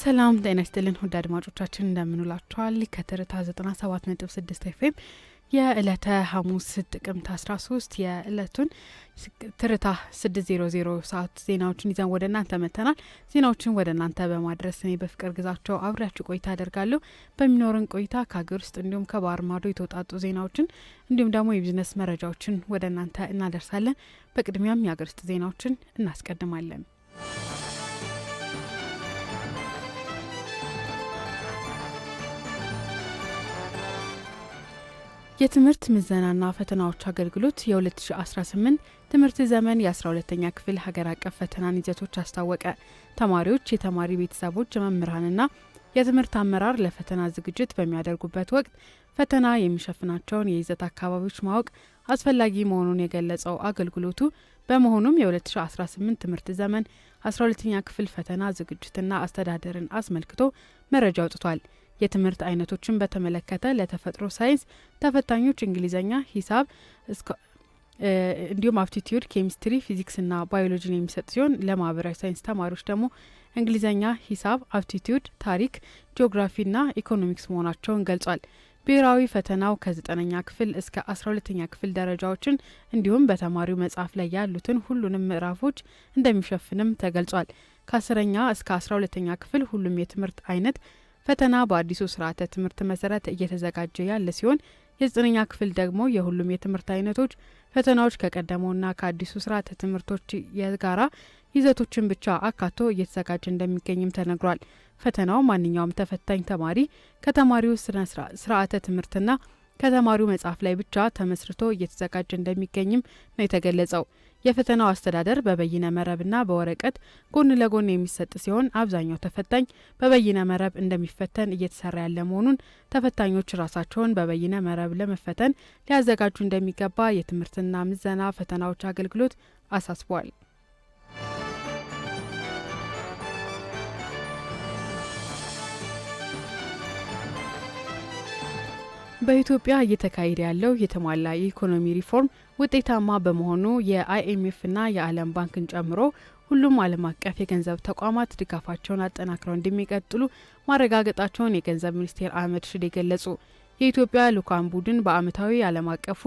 ሰላም ጤና ይስጥልን ውድ አድማጮቻችን እንደምንውላችኋል። ከትርታ 97.6 ኤፍኤም የዕለተ ሐሙስ ጥቅምት 13 የዕለቱን ትርታ 600 ሰዓት ዜናዎችን ይዘን ወደ እናንተ መጥተናል። ዜናዎችን ወደ እናንተ በማድረስ እኔ በፍቅር ግዛቸው አብሬያችሁ ቆይታ አደርጋለሁ። በሚኖረን ቆይታ ከሀገር ውስጥ እንዲሁም ከባህር ማዶ የተውጣጡ ዜናዎችን እንዲሁም ደግሞ የቢዝነስ መረጃዎችን ወደ እናንተ እናደርሳለን። በቅድሚያም የሀገር ውስጥ ዜናዎችን እናስቀድማለን። የትምህርት ምዘናና ፈተናዎች አገልግሎት የ2018 ትምህርት ዘመን የ12ተኛ ክፍል ሀገር አቀፍ ፈተናን ይዘቶች አስታወቀ። ተማሪዎች፣ የተማሪ ቤተሰቦች፣ መምህራንና የትምህርት አመራር ለፈተና ዝግጅት በሚያደርጉበት ወቅት ፈተና የሚሸፍናቸውን የይዘት አካባቢዎች ማወቅ አስፈላጊ መሆኑን የገለጸው አገልግሎቱ በመሆኑም የ2018 ትምህርት ዘመን 12ተኛ ክፍል ፈተና ዝግጅትና አስተዳደርን አስመልክቶ መረጃ አውጥቷል። የትምህርት አይነቶችን በተመለከተ ለተፈጥሮ ሳይንስ ተፈታኞች እንግሊዘኛ፣ ሂሳብ እንዲሁም አፕቲቲዩድ፣ ኬሚስትሪ፣ ፊዚክስና ባዮሎጂን የሚሰጥ ሲሆን ለማህበራዊ ሳይንስ ተማሪዎች ደግሞ እንግሊዘኛ ሂሳብ፣ አፕቲቲዩድ፣ ታሪክ፣ ጂኦግራፊና ኢኮኖሚክስ መሆናቸውን ገልጿል። ብሔራዊ ፈተናው ከዘጠነኛ ክፍል እስከ አስራ ሁለተኛ ክፍል ደረጃዎችን እንዲሁም በተማሪው መጽሐፍ ላይ ያሉትን ሁሉንም ምዕራፎች እንደሚሸፍንም ተገልጿል። ከአስረኛ እስከ አስራ ሁለተኛ ክፍል ሁሉም የትምህርት አይነት ፈተና በአዲሱ ስርዓተ ትምህርት መሰረት እየተዘጋጀ ያለ ሲሆን የዘጠነኛ ክፍል ደግሞ የሁሉም የትምህርት አይነቶች ፈተናዎች ከቀደመውና ከአዲሱ ስርዓተ ትምህርቶች የጋራ ይዘቶችን ብቻ አካቶ እየተዘጋጀ እንደሚገኝም ተነግሯል። ፈተናው ማንኛውም ተፈታኝ ተማሪ ከተማሪው ስርዓተ ትምህርትና ከተማሪው መጽሐፍ ላይ ብቻ ተመስርቶ እየተዘጋጀ እንደሚገኝም ነው የተገለጸው። የፈተናው አስተዳደር በበይነ መረብና በወረቀት ጎን ለጎን የሚሰጥ ሲሆን አብዛኛው ተፈታኝ በበይነ መረብ እንደሚፈተን እየተሰራ ያለ መሆኑን ተፈታኞች ራሳቸውን በበይነ መረብ ለመፈተን ሊያዘጋጁ እንደሚገባ የትምህርትና ምዘና ፈተናዎች አገልግሎት አሳስቧል። በኢትዮጵያ እየተካሄደ ያለው የተሟላ የኢኮኖሚ ሪፎርም ውጤታማ በመሆኑ የአይኤምኤፍና የዓለም ባንክን ጨምሮ ሁሉም ዓለም አቀፍ የገንዘብ ተቋማት ድጋፋቸውን አጠናክረው እንደሚቀጥሉ ማረጋገጣቸውን የገንዘብ ሚኒስቴር አህመድ ሽዴ ገለጹ። የኢትዮጵያ ልኡካን ቡድን በአመታዊ ዓለም አቀፉ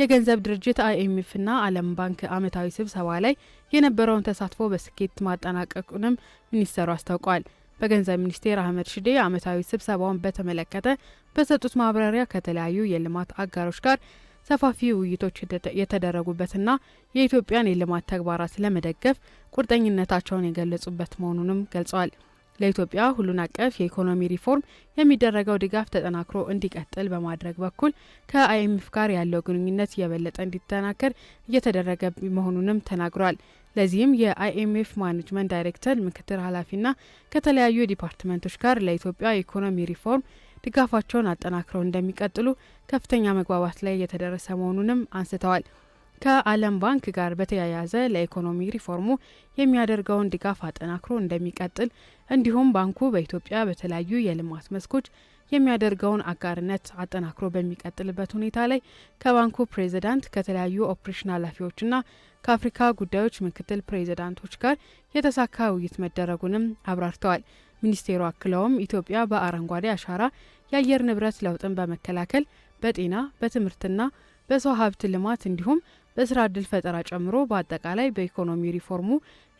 የገንዘብ ድርጅት አይኤምኤፍና ዓለም ባንክ ዓመታዊ ስብሰባ ላይ የነበረውን ተሳትፎ በስኬት ማጠናቀቁንም ሚኒስተሩ አስታውቋል። በገንዘብ ሚኒስቴር አህመድ ሽዴ ዓመታዊ ስብሰባውን በተመለከተ በሰጡት ማብራሪያ ከተለያዩ የልማት አጋሮች ጋር ሰፋፊ ውይይቶች የተደረጉበትና የኢትዮጵያን የልማት ተግባራት ለመደገፍ ቁርጠኝነታቸውን የገለጹበት መሆኑንም ገልጸዋል። ለኢትዮጵያ ሁሉን አቀፍ የኢኮኖሚ ሪፎርም የሚደረገው ድጋፍ ተጠናክሮ እንዲቀጥል በማድረግ በኩል ከአይኤምኤፍ ጋር ያለው ግንኙነት የበለጠ እንዲጠናከር እየተደረገ መሆኑንም ተናግሯል። ለዚህም የአይኤምኤፍ ማኔጅመንት ዳይሬክተር ምክትል ኃላፊና ከተለያዩ ዲፓርትመንቶች ጋር ለኢትዮጵያ ኢኮኖሚ ሪፎርም ድጋፋቸውን አጠናክረው እንደሚቀጥሉ ከፍተኛ መግባባት ላይ የተደረሰ መሆኑንም አንስተዋል። ከዓለም ባንክ ጋር በተያያዘ ለኢኮኖሚ ሪፎርሙ የሚያደርገውን ድጋፍ አጠናክሮ እንደሚቀጥል እንዲሁም ባንኩ በኢትዮጵያ በተለያዩ የልማት መስኮች የሚያደርገውን አጋርነት አጠናክሮ በሚቀጥልበት ሁኔታ ላይ ከባንኩ ፕሬዚዳንት ከተለያዩ ኦፕሬሽን ኃላፊዎችና ከአፍሪካ ጉዳዮች ምክትል ፕሬዚዳንቶች ጋር የተሳካ ውይይት መደረጉንም አብራርተዋል። ሚኒስቴሩ አክለውም ኢትዮጵያ በአረንጓዴ አሻራ፣ የአየር ንብረት ለውጥን በመከላከል በጤና በትምህርትና በሰው ሀብት ልማት እንዲሁም በስራ እድል ፈጠራ ጨምሮ በአጠቃላይ በኢኮኖሚ ሪፎርሙ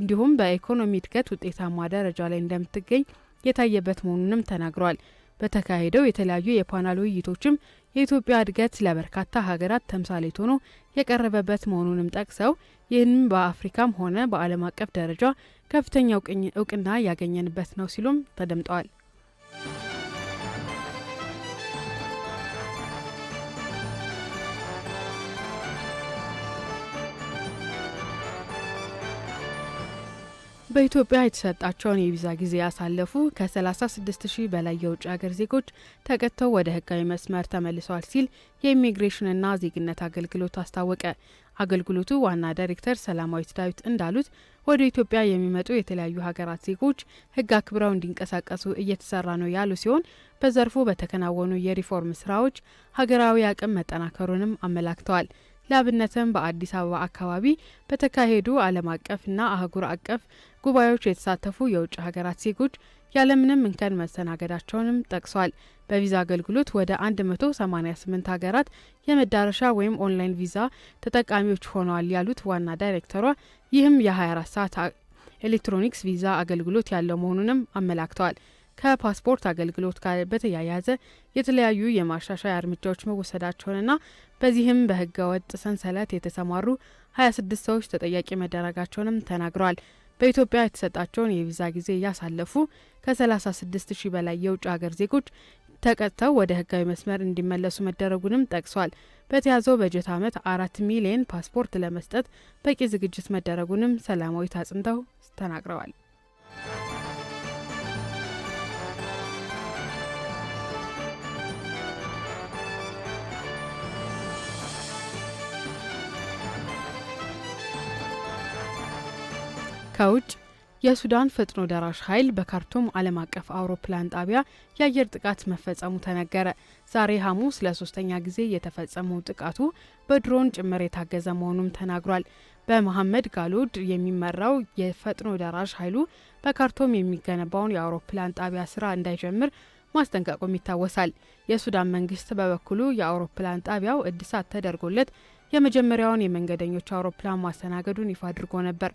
እንዲሁም በኢኮኖሚ እድገት ውጤታማ ደረጃ ላይ እንደምትገኝ የታየበት መሆኑንም ተናግሯል። በተካሄደው የተለያዩ የፓናል ውይይቶችም የኢትዮጵያ እድገት ለበርካታ ሀገራት ተምሳሌት ሆኖ የቀረበበት መሆኑንም ጠቅሰው ይህንም በአፍሪካም ሆነ በዓለም አቀፍ ደረጃ ከፍተኛ እውቅና ያገኘንበት ነው ሲሉም ተደምጠዋል። በኢትዮጵያ የተሰጣቸውን የቪዛ ጊዜ ያሳለፉ ከ36 ሺህ በላይ የውጭ ሀገር ዜጎች ተቀጥተው ወደ ህጋዊ መስመር ተመልሰዋል ሲል የኢሚግሬሽንና ዜግነት አገልግሎት አስታወቀ። አገልግሎቱ ዋና ዳይሬክተር ሰላማዊት ዳዊት እንዳሉት ወደ ኢትዮጵያ የሚመጡ የተለያዩ ሀገራት ዜጎች ህግ አክብረው እንዲንቀሳቀሱ እየተሰራ ነው ያሉ ሲሆን በዘርፉ በተከናወኑ የሪፎርም ስራዎች ሀገራዊ አቅም መጠናከሩንም አመላክተዋል። ለአብነትም በአዲስ አበባ አካባቢ በተካሄዱ ዓለም አቀፍና አህጉር አቀፍ ጉባኤዎች የተሳተፉ የውጭ ሀገራት ዜጎች ያለምንም እንከን መስተናገዳቸውንም ጠቅሷል። በቪዛ አገልግሎት ወደ 188 ሀገራት የመዳረሻ ወይም ኦንላይን ቪዛ ተጠቃሚዎች ሆነዋል ያሉት ዋና ዳይሬክተሯ ይህም የ24 ሰዓት ኤሌክትሮኒክስ ቪዛ አገልግሎት ያለው መሆኑንም አመላክተዋል። ከፓስፖርት አገልግሎት ጋር በተያያዘ የተለያዩ የማሻሻያ እርምጃዎች መወሰዳቸውንና በዚህም በህገወጥ ሰንሰለት የተሰማሩ ሀያ ስድስት ሰዎች ተጠያቂ መደረጋቸውንም ተናግረዋል። በኢትዮጵያ የተሰጣቸውን የቪዛ ጊዜ እያሳለፉ ከሰላሳ ስድስት ሺህ በላይ የውጭ ሀገር ዜጎች ተቀጥተው ወደ ህጋዊ መስመር እንዲመለሱ መደረጉንም ጠቅሷል። በተያዘው በጀት ዓመት አራት ሚሊየን ፓስፖርት ለመስጠት በቂ ዝግጅት መደረጉንም ሰላማዊት አጽንተው ተናግረዋል። ከውጭ የሱዳን ፈጥኖ ደራሽ ኃይል በካርቱም ዓለም አቀፍ አውሮፕላን ጣቢያ የአየር ጥቃት መፈጸሙ ተነገረ። ዛሬ ሐሙስ ለሶስተኛ ጊዜ የተፈጸመው ጥቃቱ በድሮን ጭምር የታገዘ መሆኑም ተናግሯል። በመሐመድ ጋሎድ የሚመራው የፈጥኖ ደራሽ ኃይሉ በካርቱም የሚገነባውን የአውሮፕላን ጣቢያ ስራ እንዳይጀምር ማስጠንቀቁም ይታወሳል። የሱዳን መንግስት በበኩሉ የአውሮፕላን ጣቢያው እድሳት ተደርጎለት የመጀመሪያውን የመንገደኞች አውሮፕላን ማስተናገዱን ይፋ አድርጎ ነበር።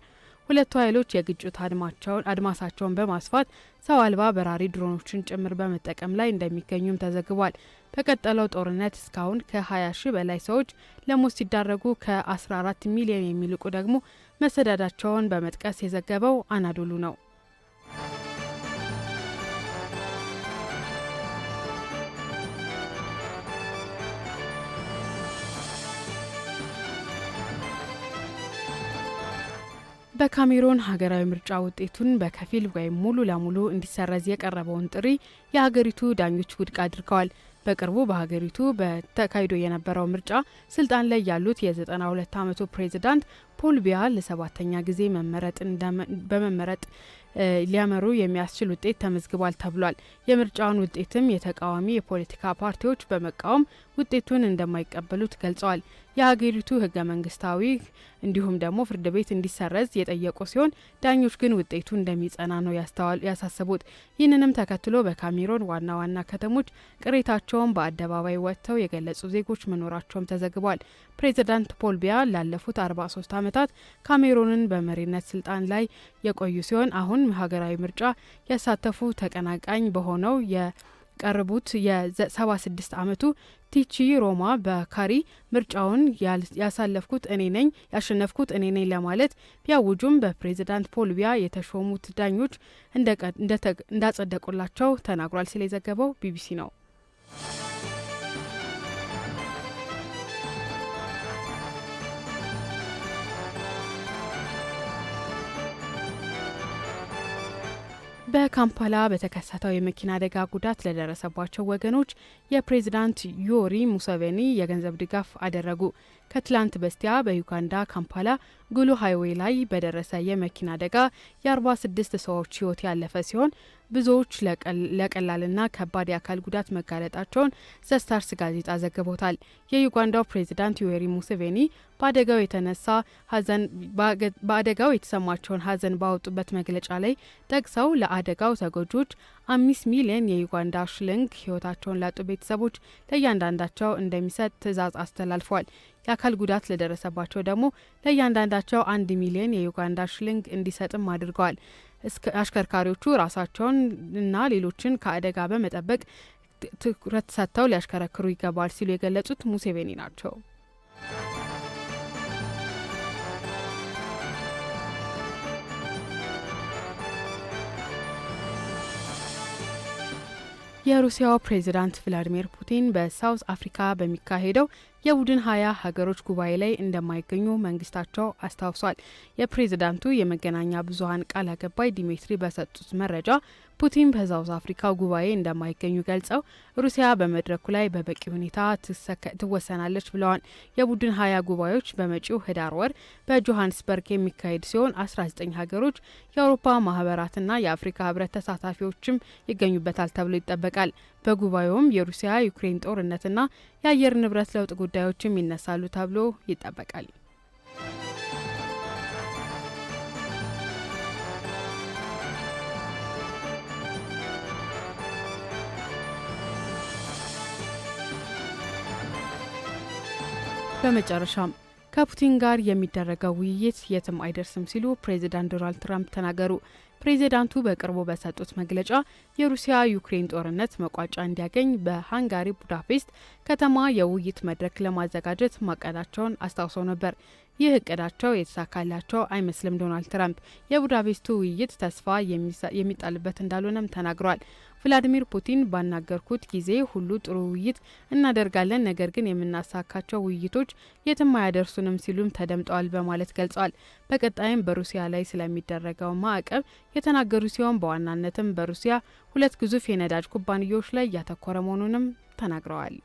ሁለቱ ኃይሎች የግጭት አድማቸውን አድማሳቸውን በማስፋት ሰው አልባ በራሪ ድሮኖችን ጭምር በመጠቀም ላይ እንደሚገኙም ተዘግቧል። በቀጠለው ጦርነት እስካሁን ከ20 ሺህ በላይ ሰዎች ለሞት ሲዳረጉ ከ14 ሚሊዮን የሚልቁ ደግሞ መሰዳዳቸውን በመጥቀስ የዘገበው አናዶሉ ነው። በካሜሮን ሀገራዊ ምርጫ ውጤቱን በከፊል ወይም ሙሉ ለሙሉ እንዲሰረዝ የቀረበውን ጥሪ የሀገሪቱ ዳኞች ውድቅ አድርገዋል። በቅርቡ በሀገሪቱ በተካሂዶ የነበረው ምርጫ ስልጣን ላይ ያሉት የ92 ዓመቱ ፕሬዚዳንት ፖል ቢያ ለሰባተኛ ጊዜ በመመረጥ ሊያመሩ የሚያስችል ውጤት ተመዝግቧል ተብሏል። የምርጫውን ውጤትም የተቃዋሚ የፖለቲካ ፓርቲዎች በመቃወም ውጤቱን እንደማይቀበሉት ገልጸዋል። የሀገሪቱ ህገ መንግስታዊ እንዲሁም ደግሞ ፍርድ ቤት እንዲሰረዝ የጠየቁ ሲሆን ዳኞች ግን ውጤቱ እንደሚጸና ነው ያሳሰቡት። ይህንንም ተከትሎ በካሜሮን ዋና ዋና ከተሞች ቅሬታቸውን በአደባባይ ወጥተው የገለጹ ዜጎች መኖራቸውም ተዘግቧል። ፕሬዚዳንት ፖል ቢያ ላለፉት 43 ዓመት ዓመታት ካሜሮንን በመሪነት ስልጣን ላይ የቆዩ ሲሆን አሁን ሀገራዊ ምርጫ ያሳተፉ ተቀናቃኝ በሆነው የቀረቡት የ76 ዓመቱ ቲቺ ሮማ በካሪ ምርጫውን ያሳለፍኩት እኔ ነኝ ያሸነፍኩት እኔ ነኝ ለማለት ቢያውጁም በፕሬዚዳንት ፖል ቢያ የተሾሙት ዳኞች እንዳጸደቁላቸው ተናግሯል ሲል የዘገበው ቢቢሲ ነው። በካምፓላ በተከሰተው የመኪና አደጋ ጉዳት ለደረሰባቸው ወገኖች የፕሬዝዳንት ዮሪ ሙሰቬኒ የገንዘብ ድጋፍ አደረጉ። ከትላንት በስቲያ በዩጋንዳ ካምፓላ ጉሉ ሃይዌይ ላይ በደረሰ የመኪና አደጋ የ46 ሰዎች ህይወት ያለፈ ሲሆን ብዙዎች ለቀላልና ከባድ የአካል ጉዳት መጋለጣቸውን ዘስታርስ ጋዜጣ ዘግቦታል። የዩጋንዳው ፕሬዚዳንት ዩዌሪ ሙሴቬኒ በአደጋው የተነሳ ሀዘን በአደጋው የተሰማቸውን ሀዘን ባወጡበት መግለጫ ላይ ጠቅሰው ለአደጋው ተጎጆች አምስት ሚሊዮን የዩጋንዳ ሽልንግ ህይወታቸውን ላጡ ቤተሰቦች ለእያንዳንዳቸው እንደሚሰጥ ትዕዛዝ አስተላልፏል። የአካል ጉዳት ለደረሰባቸው ደግሞ ለእያንዳንዳቸው አንድ ሚሊዮን የዩጋንዳ ሽልንግ እንዲሰጥም አድርገዋል። አሽከርካሪዎቹ ራሳቸውን እና ሌሎችን ከአደጋ በመጠበቅ ትኩረት ሰጥተው ሊያሽከረክሩ ይገባል ሲሉ የገለጹት ሙሴቬኒ ናቸው። የሩሲያው ፕሬዚዳንት ቭላዲሚር ፑቲን በሳውዝ አፍሪካ በሚካሄደው የቡድን ሀያ ሀገሮች ጉባኤ ላይ እንደማይገኙ መንግስታቸው አስታውሷል። የፕሬዝዳንቱ የመገናኛ ብዙሀን ቃል አቀባይ ዲሜትሪ በሰጡት መረጃ ፑቲን በሳውዝ አፍሪካ ጉባኤ እንደማይገኙ ገልጸው ሩሲያ በመድረኩ ላይ በበቂ ሁኔታ ትወሰናለች ብለዋል። የቡድን ሀያ ጉባኤዎች በመጪው ህዳር ወር በጆሃንስበርግ የሚካሄድ ሲሆን አስራ ዘጠኝ ሀገሮች የአውሮፓ ማህበራትና የአፍሪካ ህብረት ተሳታፊዎችም ይገኙበታል ተብሎ ይጠበቃል። በጉባኤውም የሩሲያ ዩክሬን ጦርነትና የአየር ንብረት ለውጥ ጉዳዮችም ይነሳሉ ተብሎ ይጠበቃል። በመጨረሻም ከፑቲን ጋር የሚደረገው ውይይት የትም አይደርስም ሲሉ ፕሬዚዳንት ዶናልድ ትራምፕ ተናገሩ። ፕሬዚዳንቱ በቅርቡ በሰጡት መግለጫ የሩሲያ ዩክሬን ጦርነት መቋጫ እንዲያገኝ በሃንጋሪ ቡዳፔስት ከተማ የውይይት መድረክ ለማዘጋጀት ማቀዳቸውን አስታውሰው ነበር። ይህ እቅዳቸው የተሳካላቸው አይመስልም። ዶናልድ ትራምፕ የቡዳፔስቱ ውይይት ተስፋ የሚጣልበት እንዳልሆነም ተናግሯል። ቭላዲሚር ፑቲን ባናገርኩት ጊዜ ሁሉ ጥሩ ውይይት እናደርጋለን፣ ነገር ግን የምናሳካቸው ውይይቶች የትም አያደርሱንም ሲሉም ተደምጠዋል በማለት ገልጸዋል። በቀጣይም በሩሲያ ላይ ስለሚደረገው ማዕቀብ የተናገሩ ሲሆን በዋናነትም በሩሲያ ሁለት ግዙፍ የነዳጅ ኩባንያዎች ላይ እያተኮረ መሆኑንም ተናግረዋል።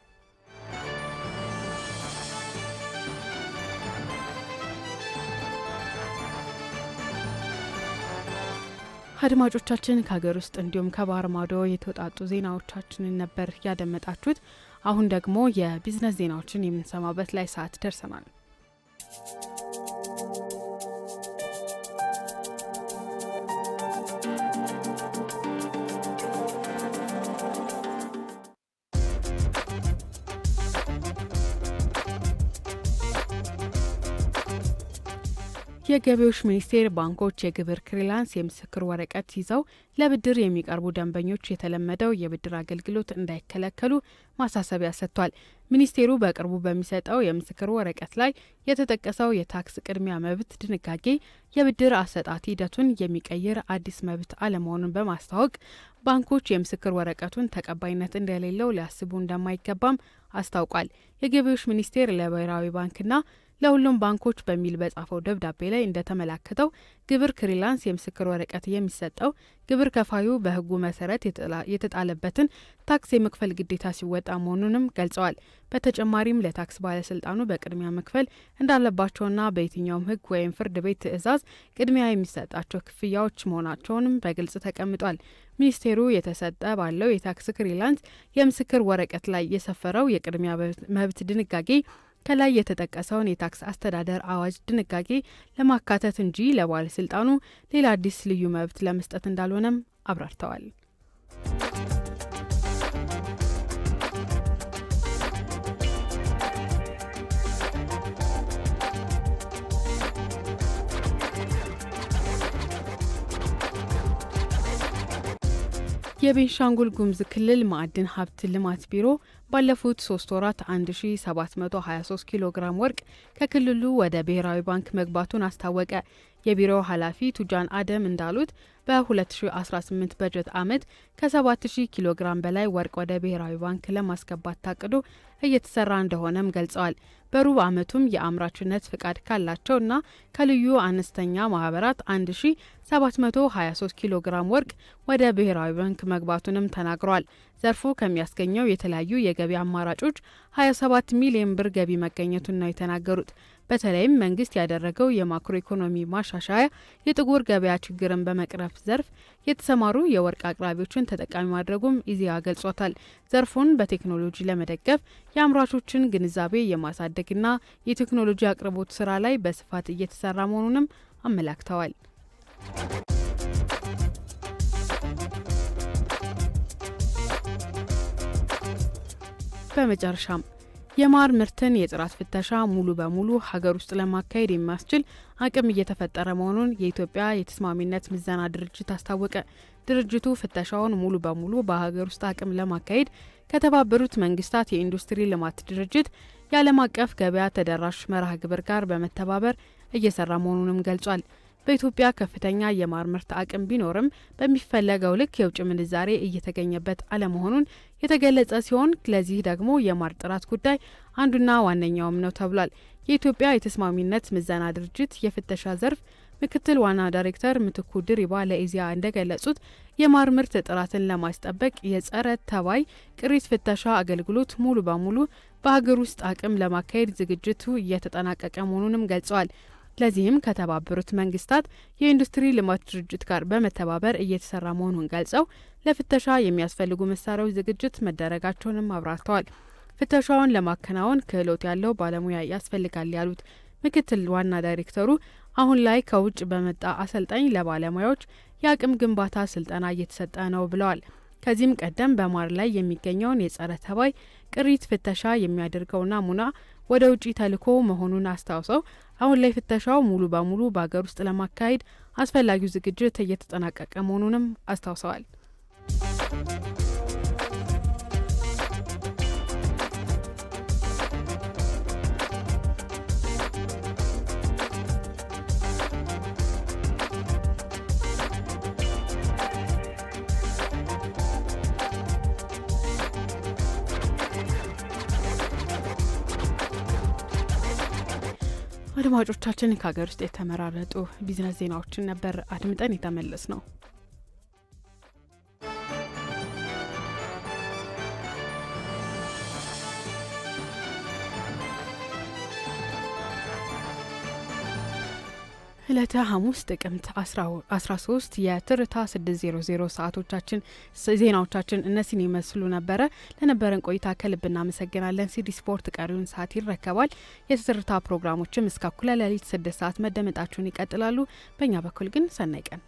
አድማጮቻችን ከሀገር ውስጥ እንዲሁም ከባህር ማዶ የተውጣጡ ዜናዎቻችንን ነበር ያደመጣችሁት። አሁን ደግሞ የቢዝነስ ዜናዎችን የምንሰማበት ላይ ሰዓት ደርሰናል። የገቢዎች ሚኒስቴር ባንኮች የግብር ክሊራንስ የምስክር ወረቀት ይዘው ለብድር የሚቀርቡ ደንበኞች የተለመደው የብድር አገልግሎት እንዳይከለከሉ ማሳሰቢያ ሰጥቷል። ሚኒስቴሩ በቅርቡ በሚሰጠው የምስክር ወረቀት ላይ የተጠቀሰው የታክስ ቅድሚያ መብት ድንጋጌ የብድር አሰጣት ሂደቱን የሚቀይር አዲስ መብት አለመሆኑን በማስታወቅ ባንኮች የምስክር ወረቀቱን ተቀባይነት እንደሌለው ሊያስቡ እንደማይገባም አስታውቋል። የገቢዎች ሚኒስቴር ለብሔራዊ ባንክና ለሁሉም ባንኮች በሚል በጻፈው ደብዳቤ ላይ እንደተመላከተው ግብር ክሪላንስ የምስክር ወረቀት የሚሰጠው ግብር ከፋዩ በሕጉ መሰረት የተጣለበትን ታክስ የመክፈል ግዴታ ሲወጣ መሆኑንም ገልጸዋል። በተጨማሪም ለታክስ ባለስልጣኑ በቅድሚያ መክፈል እንዳለባቸውና በየትኛውም ሕግ ወይም ፍርድ ቤት ትዕዛዝ ቅድሚያ የሚሰጣቸው ክፍያዎች መሆናቸውንም በግልጽ ተቀምጧል። ሚኒስቴሩ የተሰጠ ባለው የታክስ ክሪላንስ የምስክር ወረቀት ላይ የሰፈረው የቅድሚያ መብት ድንጋጌ ከላይ የተጠቀሰውን የታክስ አስተዳደር አዋጅ ድንጋጌ ለማካተት እንጂ ለባለስልጣኑ ሌላ አዲስ ልዩ መብት ለመስጠት እንዳልሆነም አብራርተዋል። የቤንሻንጉል ጉሙዝ ክልል ማዕድን ሀብት ልማት ቢሮ ባለፉት ሶስት ወራት 1723 ኪሎ ግራም ወርቅ ከክልሉ ወደ ብሔራዊ ባንክ መግባቱን አስታወቀ። የቢሮው ኃላፊ ቱጃን አደም እንዳሉት በ2018 በጀት ዓመት ከ7000 ኪሎ ግራም በላይ ወርቅ ወደ ብሔራዊ ባንክ ለማስገባት ታቅዶ እየተሰራ እንደሆነም ገልጸዋል። በሩብ ዓመቱም የአምራችነት ፍቃድ ካላቸውና ከልዩ አነስተኛ ማህበራት 1723 ኪሎ ግራም ወርቅ ወደ ብሔራዊ ባንክ መግባቱንም ተናግሯል። ዘርፉ ከሚያስገኘው የተለያዩ የገቢ አማራጮች 27 ሚሊዮን ብር ገቢ መገኘቱን ነው የተናገሩት። በተለይም መንግስት ያደረገው የማክሮ ኢኮኖሚ ማሻሻያ የጥቁር ገበያ ችግርን በመቅረፍ ዘርፍ የተሰማሩ የወርቅ አቅራቢዎችን ተጠቃሚ ማድረጉም ኢዜአ ገልጿታል። ዘርፉን በቴክኖሎጂ ለመደገፍ የአምራቾችን ግንዛቤ የማሳደግና የቴክኖሎጂ አቅርቦት ስራ ላይ በስፋት እየተሰራ መሆኑንም አመላክተዋል። በመጨረሻም የማር ምርትን የጥራት ፍተሻ ሙሉ በሙሉ ሀገር ውስጥ ለማካሄድ የሚያስችል አቅም እየተፈጠረ መሆኑን የኢትዮጵያ የተስማሚነት ምዘና ድርጅት አስታወቀ። ድርጅቱ ፍተሻውን ሙሉ በሙሉ በሀገር ውስጥ አቅም ለማካሄድ ከተባበሩት መንግስታት የኢንዱስትሪ ልማት ድርጅት የዓለም አቀፍ ገበያ ተደራሽ መርሃ ግብር ጋር በመተባበር እየሰራ መሆኑንም ገልጿል። በኢትዮጵያ ከፍተኛ የማር ምርት አቅም ቢኖርም በሚፈለገው ልክ የውጭ ምንዛሬ እየተገኘበት አለመሆኑን የተገለጸ ሲሆን ለዚህ ደግሞ የማር ጥራት ጉዳይ አንዱና ዋነኛውም ነው ተብሏል። የኢትዮጵያ የተስማሚነት ምዘና ድርጅት የፍተሻ ዘርፍ ምክትል ዋና ዳይሬክተር ምትኩ ድሪባ ለኢዜአ እንደገለጹት የማር ምርት ጥራትን ለማስጠበቅ የጸረ ተባይ ቅሪት ፍተሻ አገልግሎት ሙሉ በሙሉ በሀገር ውስጥ አቅም ለማካሄድ ዝግጅቱ እየተጠናቀቀ መሆኑንም ገልጸዋል። ለዚህም ከተባበሩት መንግስታት የኢንዱስትሪ ልማት ድርጅት ጋር በመተባበር እየተሰራ መሆኑን ገልጸው ለፍተሻ የሚያስፈልጉ መሳሪያዎች ዝግጅት መደረጋቸውንም አብራርተዋል። ፍተሻውን ለማከናወን ክህሎት ያለው ባለሙያ ያስፈልጋል ያሉት ምክትል ዋና ዳይሬክተሩ አሁን ላይ ከውጭ በመጣ አሰልጣኝ ለባለሙያዎች የአቅም ግንባታ ስልጠና እየተሰጠ ነው ብለዋል። ከዚህም ቀደም በማር ላይ የሚገኘውን የጸረ ተባይ ቅሪት ፍተሻ የሚያደርገው ናሙና ወደ ውጭ ተልኮ መሆኑን አስታውሰው አሁን ላይ ፍተሻው ሙሉ በሙሉ በሀገር ውስጥ ለማካሄድ አስፈላጊው ዝግጅት እየተጠናቀቀ መሆኑንም አስታውሰዋል። አድማጮቻችን ከሀገር ውስጥ የተመራረጡ ቢዝነስ ዜናዎችን ነበር አድምጠን የተመለስ ነው። ዕለተ ሐሙስ ጥቅምት 13 የትርታ 600 ሰዓቶቻችን ዜናዎቻችን እነሲን ይመስሉ ነበረ። ለነበረን ቆይታ ከልብ እናመሰግናለን። ሲዲ ስፖርት ቀሪውን ሰዓት ይረከባል። የትርታ ፕሮግራሞችም እስከ እኩለ ሌሊት 6 ሰዓት መደመጣቸውን ይቀጥላሉ። በእኛ በኩል ግን ሰናይ ቀን